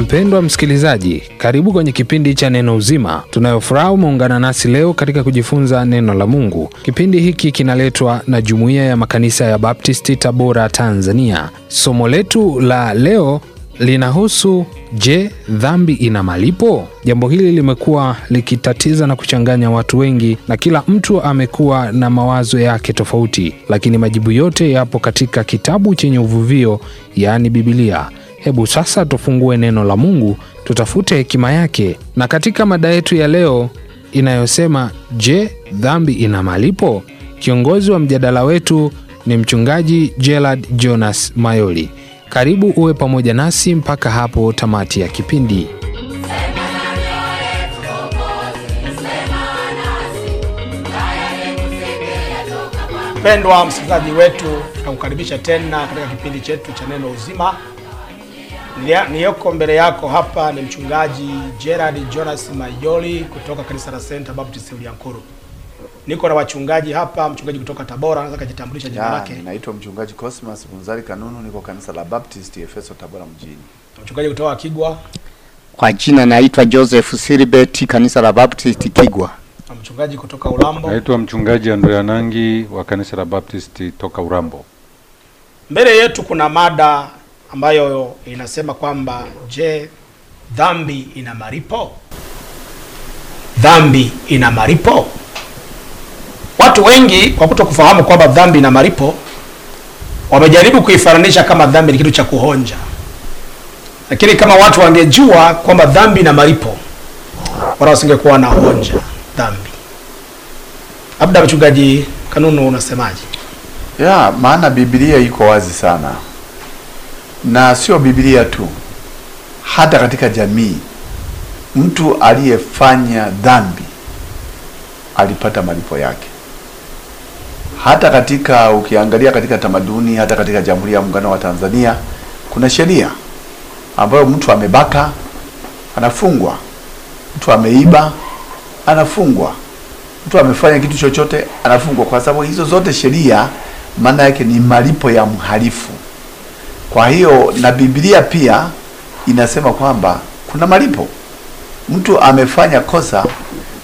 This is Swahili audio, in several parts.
Mpendwa msikilizaji, karibu kwenye kipindi cha Neno Uzima. Tunayofuraha umeungana nasi leo katika kujifunza neno la Mungu. Kipindi hiki kinaletwa na Jumuiya ya Makanisa ya Baptisti Tabora, Tanzania. Somo letu la leo linahusu je, dhambi ina malipo? Jambo hili limekuwa likitatiza na kuchanganya watu wengi, na kila mtu amekuwa na mawazo yake tofauti, lakini majibu yote yapo katika kitabu chenye uvuvio, yaani Bibilia. Hebu sasa tufungue neno la Mungu, tutafute hekima yake. Na katika mada yetu ya leo inayosema, je, dhambi ina malipo? Kiongozi wa mjadala wetu ni mchungaji Gerald Jonas Mayoli. Karibu uwe pamoja nasi mpaka hapo tamati ya kipindi. pendwa msikilizaji wetu, tunakukaribisha tena katika kipindi chetu cha neno uzima niyoko mbele yako hapa ni mchungaji Gerard Jonas Mayoli kutoka kanisa la Center Baptist Uliankuru. Niko na wachungaji hapa, mchungaji kutoka Tabora anaweza kujitambulisha jina lake. Naitwa mchungaji Cosmas Bunzari Kanunu, niko kanisa la Baptist Efeso Tabora mjini. Mchungaji kutoka Kigwa. Kwa jina naitwa Joseph Silibeti, kanisa la Baptist Kigwa. Na Mchungaji kutoka Urambo. Naitwa mchungaji Andoyanangi wa kanisa la Baptist toka Urambo. Mbele yetu kuna mada ambayo inasema kwamba je, dhambi ina maripo? Dhambi ina maripo? Watu wengi kwa kuto kufahamu kwamba dhambi ina maripo, wamejaribu kuifananisha kama dhambi ni kitu cha kuhonja, lakini kama watu wangejua kwamba dhambi ina maripo, wala wasingekuwa na honja dhambi. Labda mchungaji Kanunu, unasemaje? Ya maana Biblia iko wazi sana na sio Biblia tu, hata katika jamii mtu aliyefanya dhambi alipata malipo yake. Hata katika ukiangalia katika tamaduni, hata katika Jamhuri ya Muungano wa Tanzania kuna sheria ambayo mtu amebaka anafungwa, mtu ameiba anafungwa, mtu amefanya kitu chochote anafungwa, kwa sababu hizo zote sheria maana yake ni malipo ya mhalifu. Kwa hiyo na Biblia pia inasema kwamba kuna malipo. Mtu amefanya kosa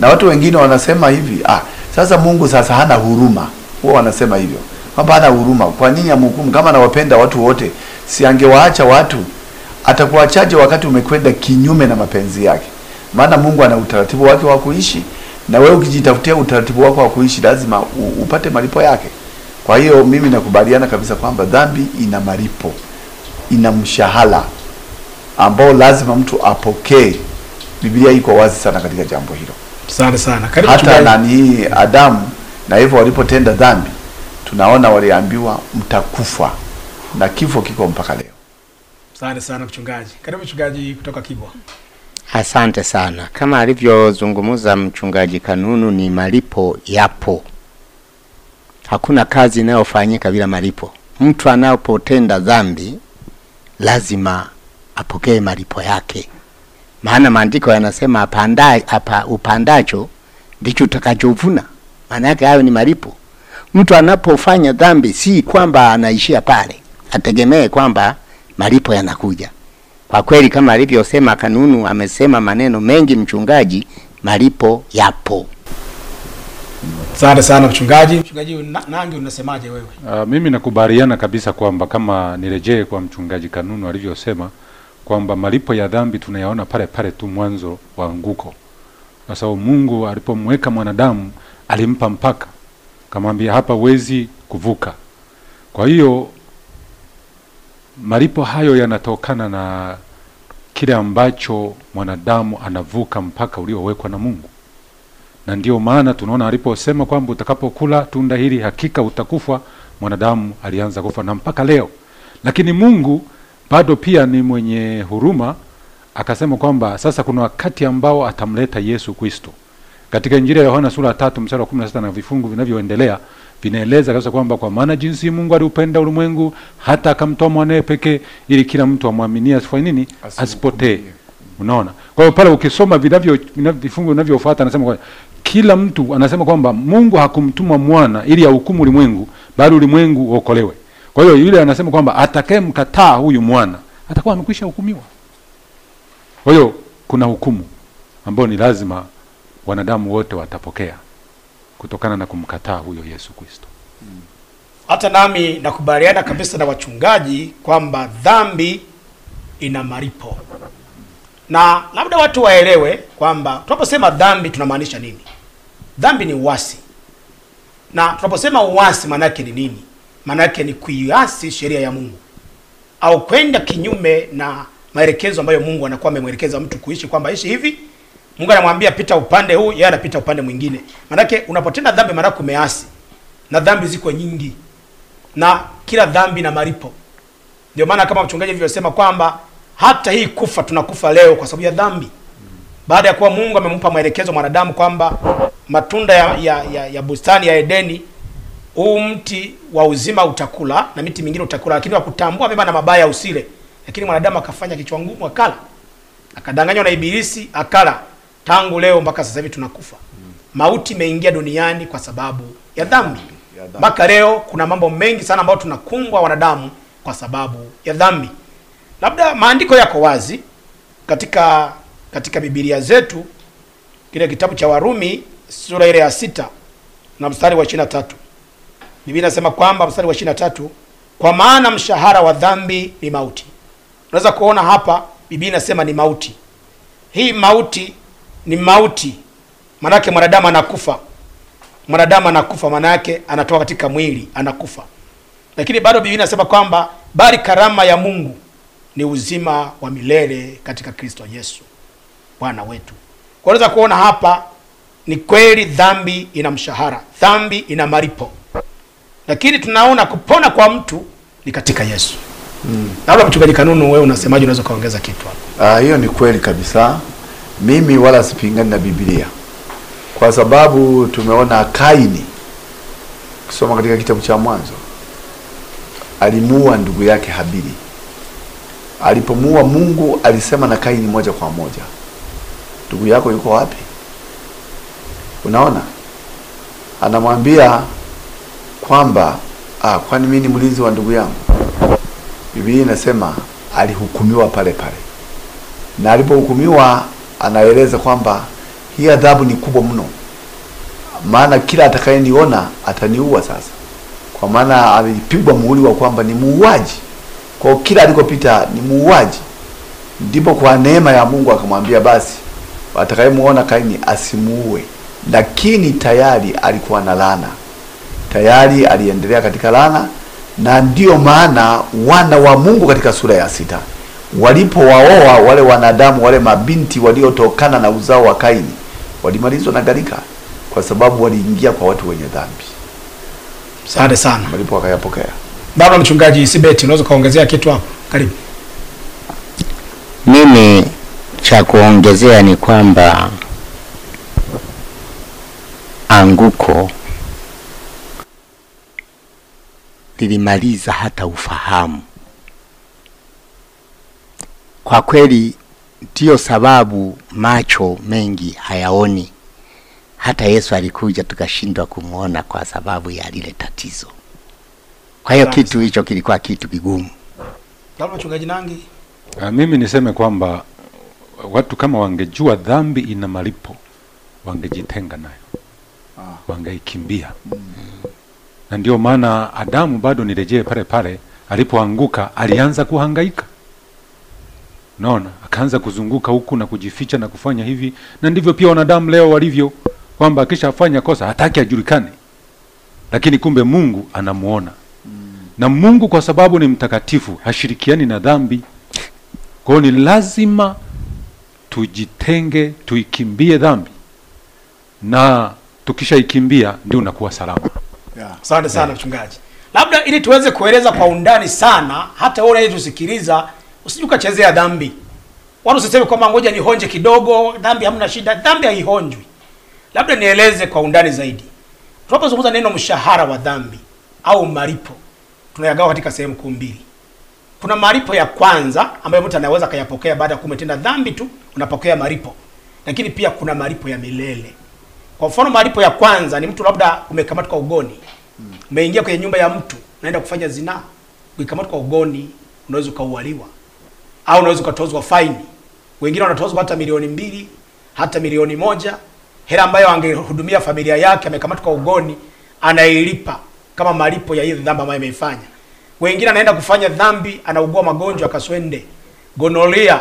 na watu wengine wanasema hivi, ah, sasa Mungu sasa hana huruma. Wao wanasema hivyo kwamba hana huruma, kwa nini amhukumu? Kama anawapenda watu wote, si angewaacha watu? Atakuachaje wakati umekwenda kinyume na mapenzi yake? Maana Mungu ana utaratibu wake wa kuishi, na wewe ukijitafutia utaratibu wako wa kuishi lazima upate malipo yake. Kwa hiyo mimi nakubaliana kabisa kwamba dhambi ina malipo ina mshahara ambao lazima mtu apokee. Biblia iko wazi sana katika jambo hilo. Asante sana. Karibu hata nani hii Adamu na hivyo walipotenda dhambi, tunaona waliambiwa mtakufa, na kifo kiko mpaka leo. Asante sana mchungaji. Karibu mchungaji kutoka Kibwa. Asante sana. Kama alivyozungumza mchungaji, kanunu ni malipo yapo. Hakuna kazi inayofanyika bila malipo. Mtu anapotenda dhambi lazima apokee malipo yake, maana maandiko yanasema apanda, apa, upandacho ndicho utakachovuna. Maana yake hayo ni malipo. Mtu anapofanya dhambi, si kwamba anaishia pale, ategemee kwamba malipo yanakuja. Kwa kweli kama alivyosema Kanunu, amesema maneno mengi mchungaji, malipo yapo. Asante sana mchungaji. Mchungaji Nangi, unasemaje wewe? Uh, mimi nakubaliana kabisa kwamba kama nirejee kwa mchungaji Kanunu alivyosema kwamba malipo ya dhambi tunayaona pale pale tu mwanzo wa anguko. Kwa sababu Mungu alipomweka mwanadamu alimpa mpaka, kamwambia hapa wezi kuvuka. Kwa hiyo malipo hayo yanatokana na kile ambacho mwanadamu anavuka mpaka uliowekwa na Mungu na ndio maana tunaona aliposema kwamba utakapokula tunda hili hakika utakufa, mwanadamu alianza kufa na mpaka leo. Lakini Mungu bado pia ni mwenye huruma, akasema kwamba sasa kuna wakati ambao atamleta Yesu Kristo. Katika Injili ya Yohana sura ya tatu mstari wa kumi na sita na vifungu vinavyoendelea vinaeleza kabisa kwamba kwa maana jinsi Mungu aliupenda ulimwengu hata akamtoa mwanae pekee, ili kila mtu amwaminie asifanye nini? Asipotee. Unaona, kwa hiyo pale ukisoma vinavyo vifungu vinavyofuata anasema kila mtu anasema kwamba Mungu hakumtuma mwana ili ahukumu ulimwengu, bali ulimwengu uokolewe. Kwa hiyo yule anasema kwamba atakayemkataa huyu mwana atakuwa amekwisha hukumiwa. Kwa hiyo kuna hukumu ambayo ni lazima wanadamu wote watapokea kutokana na kumkataa huyo Yesu Kristo. Hata nami nakubaliana kabisa na wachungaji kwamba dhambi ina malipo na labda watu waelewe kwamba tunaposema dhambi tunamaanisha nini. Dhambi ni uasi, na tunaposema uasi maana yake ni nini? Maana yake ni kuiasi sheria ya Mungu au kwenda kinyume na maelekezo ambayo Mungu anakuwa amemwelekeza mtu kuishi, kwamba ishi hivi. Mungu anamwambia pita upande huu, yeye anapita upande mwingine. Maana yake unapotenda dhambi, maana umeasi, na dhambi ziko nyingi, na kila dhambi na malipo. Ndio maana kama mchungaji alivyosema kwamba hata hii kufa tunakufa leo kwa sababu ya dhambi, baada ya kuwa Mungu amempa maelekezo mwanadamu kwamba matunda ya, ya, ya, ya bustani ya Edeni, huu mti wa uzima utakula na miti mingine utakula, lakini wakutambua mema na mabaya usile. Lakini mwanadamu akafanya kichwa ngumu, akala, akadanganywa na Ibilisi, akala. Tangu leo mpaka sasa hivi tunakufa. Mauti imeingia duniani kwa sababu ya dhambi. Mpaka leo kuna mambo mengi sana ambayo tunakungwa wanadamu kwa sababu ya dhambi. Labda maandiko yako wazi katika katika Biblia zetu, kile kitabu cha Warumi sura ile ya sita na mstari wa ishirini tatu Biblia inasema kwamba, mstari wa ishirini tatu kwa maana mshahara wa dhambi ni mauti. Unaweza kuona hapa Biblia inasema ni mauti. Hii mauti ni mauti, maanake mwanadamu anakufa, mwanadamu anakufa, yake anatoka katika mwili, anakufa. Lakini bado Biblia inasema kwamba bali karama ya Mungu ni uzima wa milele katika Kristo Yesu Bwana wetu. Kwa unaweza kuona hapa ni kweli dhambi ina mshahara, dhambi ina malipo, lakini tunaona kupona kwa mtu ni katika Yesu. Mm. Labda mchungaji Kanunu, wewe unasemaje? Unaweza kaongeza kitu hapo? Ah, hiyo ni kweli kabisa. Mimi wala sipingani na Biblia kwa sababu tumeona Kaini, kusoma katika kitabu cha Mwanzo, alimuua ndugu yake Habili alipomuua Mungu alisema na Kaini moja kwa moja, ndugu yako yuko wapi? Unaona, anamwambia kwamba ah, kwani mimi ni mlinzi wa ndugu yangu? Biblia inasema alihukumiwa pale pale, na alipohukumiwa anaeleza kwamba hii adhabu ni kubwa mno, maana kila atakayeniona ataniua sasa, kwa maana alipigwa muhuri wa kwamba ni muuaji. Kwa kila alikopita ni muuaji, ndipo kwa neema ya Mungu akamwambia basi atakayemuona Kaini asimuue, lakini tayari alikuwa na laana, tayari aliendelea katika laana, na ndiyo maana wana wa Mungu katika sura ya sita walipowaoa wale wanadamu wale mabinti waliotokana na uzao wa Kaini walimalizwa na gharika, kwa sababu waliingia kwa watu wenye dhambi. Asante sana, walipo wakayapokea Baba Mchungaji Sibeti, unaweza ukaongezea kitu hapo? Karibu. Mimi cha kuongezea ni kwamba anguko lilimaliza hata ufahamu. Kwa kweli, ndiyo sababu macho mengi hayaoni. Hata Yesu alikuja tukashindwa kumwona kwa sababu ya lile tatizo. Kwa hiyo kitu hicho kilikuwa kitu kigumu. Labda mchungaji Nangi, uh, mimi niseme kwamba watu kama wangejua dhambi ina malipo wangejitenga nayo, ah, wangeikimbia mm. Na ndio maana Adamu, bado nirejee pale pale alipoanguka, alianza kuhangaika Naona akaanza kuzunguka huku na kujificha na kufanya hivi, na ndivyo pia wanadamu leo walivyo, kwamba akishafanya kosa hataki ajulikane, lakini kumbe Mungu anamuona na Mungu kwa sababu ni mtakatifu hashirikiani na dhambi. Kwa hiyo ni lazima tujitenge, tuikimbie dhambi, na tukishaikimbia ndio unakuwa salama. Yeah, sana yeah. Mchungaji, labda ili tuweze kueleza kwa undani sana, hata wewe unayetusikiliza usije ukachezea dhambi. Watu sisemi kwamba ngoja nihonje kidogo, dhambi hamna shida. Dhambi haihonjwi. Labda nieleze kwa undani zaidi, tunapozungumza neno mshahara wa dhambi au malipo tunayagawa katika sehemu kuu mbili. Kuna malipo ya kwanza ambayo mtu anaweza akayapokea baada ya kumetenda dhambi tu, unapokea malipo, lakini pia kuna malipo ya milele. Kwa mfano, malipo ya kwanza ni mtu labda umekamatwa kwa ugoni, umeingia kwenye nyumba ya mtu, naenda kufanya zinaa, ukikamatwa kwa ugoni unaweza ukaualiwa au unaweza ukatozwa faini. Wengine wanatozwa hata milioni mbili hata milioni moja, hela ambayo angehudumia familia yake, amekamatwa kwa ugoni, anailipa kama malipo ya hiyo dhambi ambayo imeifanya. Wengine anaenda kufanya dhambi, anaugua magonjwa kaswende, gonoria,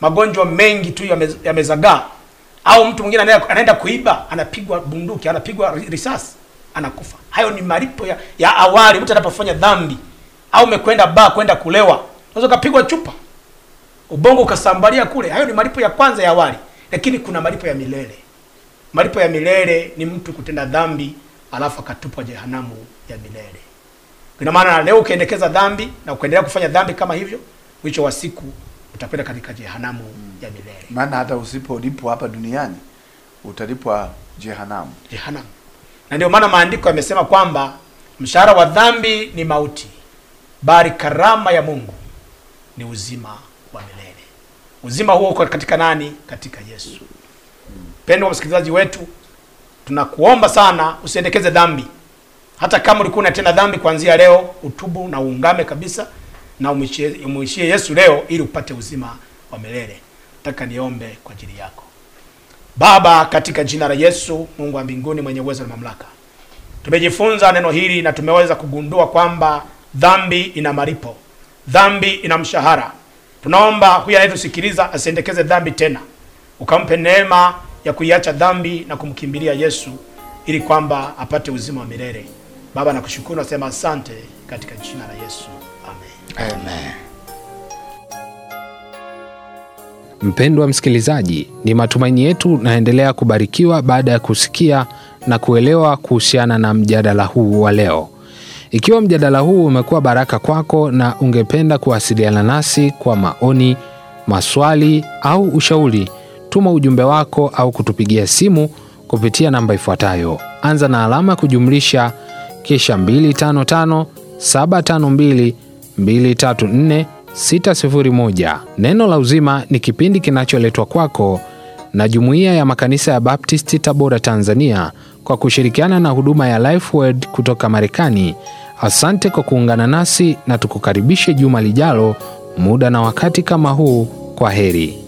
magonjwa mengi tu yamezagaa. Au mtu mwingine anaenda kuiba, anapigwa bunduki, anapigwa risasi, anakufa. Hayo ni malipo ya, ya awali mtu anapofanya dhambi. Au umekwenda ba kwenda kulewa, unaweza kupigwa chupa, ubongo ukasambalia kule. Hayo ni malipo ya kwanza ya awali, lakini kuna malipo ya milele. Malipo ya milele ni mtu kutenda dhambi alafu akatupwa jehanamu ya milele. Ina maana leo ukiendekeza dhambi na ukaendelea kufanya dhambi kama hivyo, mwisho wa siku utakwenda katika jehanamu mm. ya milele. Maana hata usipolipwa hapa duniani utalipwa jehanamu, jehanamu. Na ndio maana maandiko yamesema kwamba mshahara wa dhambi ni mauti, bali karama ya Mungu ni uzima wa milele. Uzima huo uko katika nani? Katika Yesu. Hmm. Pendwa msikilizaji wetu, tunakuomba sana usiendekeze dhambi. Hata kama ulikuwa unatenda dhambi, kuanzia leo utubu na uungame kabisa na umuishie Yesu leo, ili upate uzima wa milele. Nataka niombe kwa ajili yako. Baba, katika jina la Yesu, Mungu wa mbinguni mwenye uwezo na mamlaka, tumejifunza neno hili na tumeweza kugundua kwamba dhambi ina malipo, dhambi ina mshahara. Tunaomba huyu anayetusikiliza asiendekeze dhambi tena, ukampe neema ya kuiacha dhambi na kumkimbilia Yesu ili kwamba apate uzima wa milele. Baba, nakushukuru, nasema asante katika jina la Yesu. Amen. Amen. Mpendwa msikilizaji, ni matumaini yetu naendelea kubarikiwa baada ya kusikia na kuelewa kuhusiana na mjadala huu wa leo. Ikiwa mjadala huu umekuwa baraka kwako na ungependa kuwasiliana nasi kwa maoni, maswali au ushauri tuma ujumbe wako au kutupigia simu kupitia namba ifuatayo: anza na alama kujumlisha kisha 255 Neno la Uzima ni kipindi kinacholetwa kwako na Jumuiya ya Makanisa ya Baptisti Tabora, Tanzania, kwa kushirikiana na huduma ya Lifeword kutoka Marekani. Asante kwa kuungana nasi na tukukaribishe juma lijalo, muda na wakati kama huu. Kwa heri.